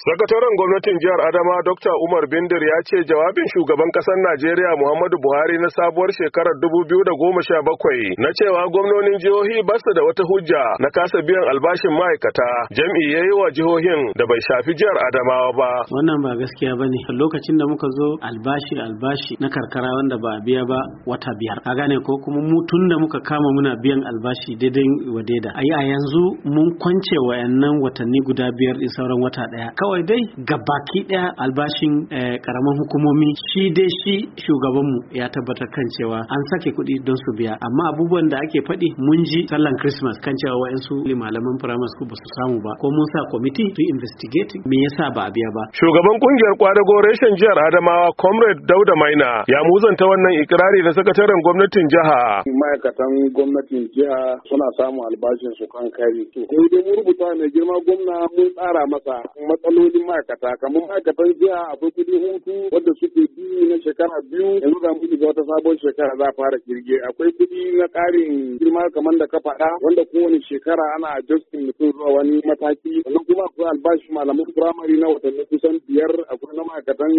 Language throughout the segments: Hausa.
Sakataren gwamnatin jihar Adama Dr. Umar Bindir ya ce jawabin shugaban kasar Najeriya Muhammadu Buhari na sabuwar shekarar 2017 na cewa gwamnonin jihohi ba da wata hujja na kasa biyan albashin ma'aikata jam'i ya yi wa jihohin da bai shafi jihar Adamawa ba. Wannan ba gaskiya ba ne. Lokacin da muka zo albashi albashi na karkara wanda ba a biya ba wata biyar. A gane ko kuma mu tun da muka kama muna biyan albashi daidai wa daida. A yanzu mun kwance wa'annan watanni guda biyar in sauran wata ɗaya. kawai dai ga baki ɗaya albashin eh, karamin hukumomi shi dai shi shugabanmu ya tabbatar kan cewa an sake kuɗi don su biya amma abubuwan da ake faɗi mun ji sallan christmas kan cewa wa'insu malaman primary school ba su samu ba ko mun sa committee to investigate me yasa ba a biya ba shugaban kungiyar kwadago reshen jihar adamawa comrade dauda maina ya muzanta wannan ikirari da sakataren gwamnatin jiha ma'aikatan gwamnatin jiha suna samun albashin su kan kari to dai rubuta ne girma gwamna mun tsara masa matsalolin matsalolin ma'aikata kamar ma'aikatan jiya akwai kudi hutu wanda suke biyu na shekara biyu yanzu za mu shiga wata sabon shekara za a fara kirge akwai kudi na ƙarin girma kamar da ka faɗa wanda kowane shekara ana adjusting mutum zuwa wani mataki sannan kuma akwai albashi malaman firamare na watanni kusan biyar akwai na ma'aikatan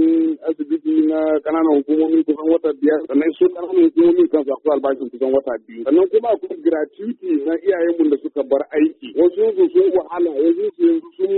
asibiti na ƙananan hukumomi kusan wata biyar sannan su ƙananan hukumomi kansu akwai albashin kusan wata biyu sannan kuma akwai gratuity na iyayenmu da suka bar aiki wasu su sun wahala wasu su yanzu sun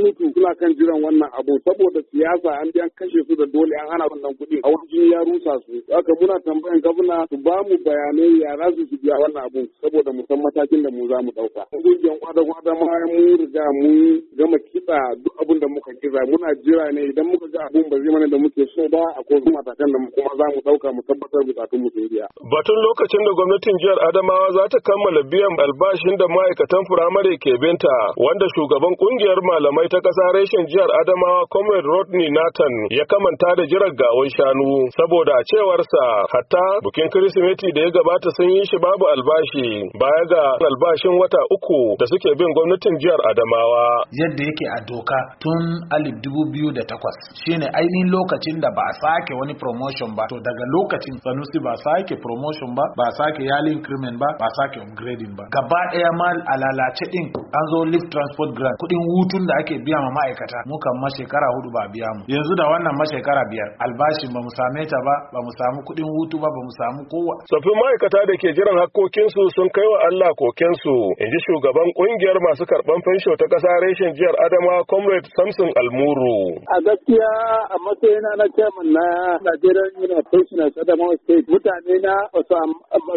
suna kan jiran wannan abu saboda siyasa an biyan kashe su da dole an hana wannan kuɗi a wajen ya rusa su haka muna tambayan gwamna su ba mu bayanai ya za su biya wannan abu saboda mu san matakin da mu za mu ɗauka. Ƙungiyar kwada-kwada ma mu riga mu gama kitsa duk abin da muka kitsa muna jira ne idan muka ga abun ba zai mana da muke so ba a ko takan da kuma za mu ɗauka mu tabbatar bukatun mu sun biya. Batun lokacin da gwamnatin jihar Adamawa za ta kammala biyan albashin da ma'aikatan firamare ke binta wanda shugaban ƙungiyar malamai ta ƙasa reshen jihar Adamawa Comrade Rodney Nathan ya kamanta da jirar gawon shanu saboda a cewarsa hatta bukin Kirsimeti da ya gabata sun yi shi babu albashi baya ga albashin wata uku da suke bin gwamnatin jihar Adamawa. Yadda yake a doka tun 2008 shine ainihin lokacin da ba a sake wani promotion ba to daga lokacin Sanusi ba sake promotion ba ba sake yali increment ba ba sake upgrading ba gaba ɗaya ma a lalace ɗin an zo lift transport grant Kudin hutun da ake biya ma ma'aikata mu kan ma shekara hudu ba biya mu yanzu da wannan ma shekara biyar albashin ba mu same ta ba ba mu samu kudin hutu ba ba mu samu kowa. Safin ma'aikata da ke jiran hakkokinsu sun kai wa Allah kokensu in ji shugaban ƙungiyar masu karban fensho ta kasa reshen jihar Adama Comrade Samson Almuru. A gaskiya a matsayina na chairman na Nigerian Union Pensioners Adamawa State mutane na ba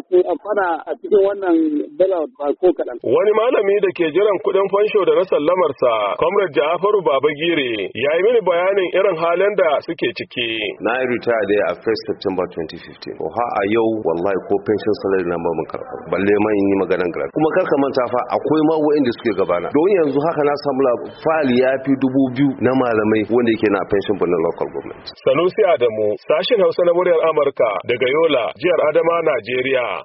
su amfana a cikin wannan dala ba ko kadan Wani malami da ke jiran irin kuɗin fansho da na sallamarsa comrade Ja'faru Babagire ya yi mini bayanin irin halin da suke ciki. Na yi ritaya dai a 1st September 2015. Ko ha a yau wallahi ko pension salary na mun karɓa. Balle ma yi maganan grant. Kuma karka manta fa akwai ma wa'inda suke gabana. Don yanzu haka na samu fali ya fi dubu biyu na malamai wanda yake na pension for na local government. Sanusi Adamu sashin Hausa na muryar Amurka daga Yola jihar Adama Najeriya.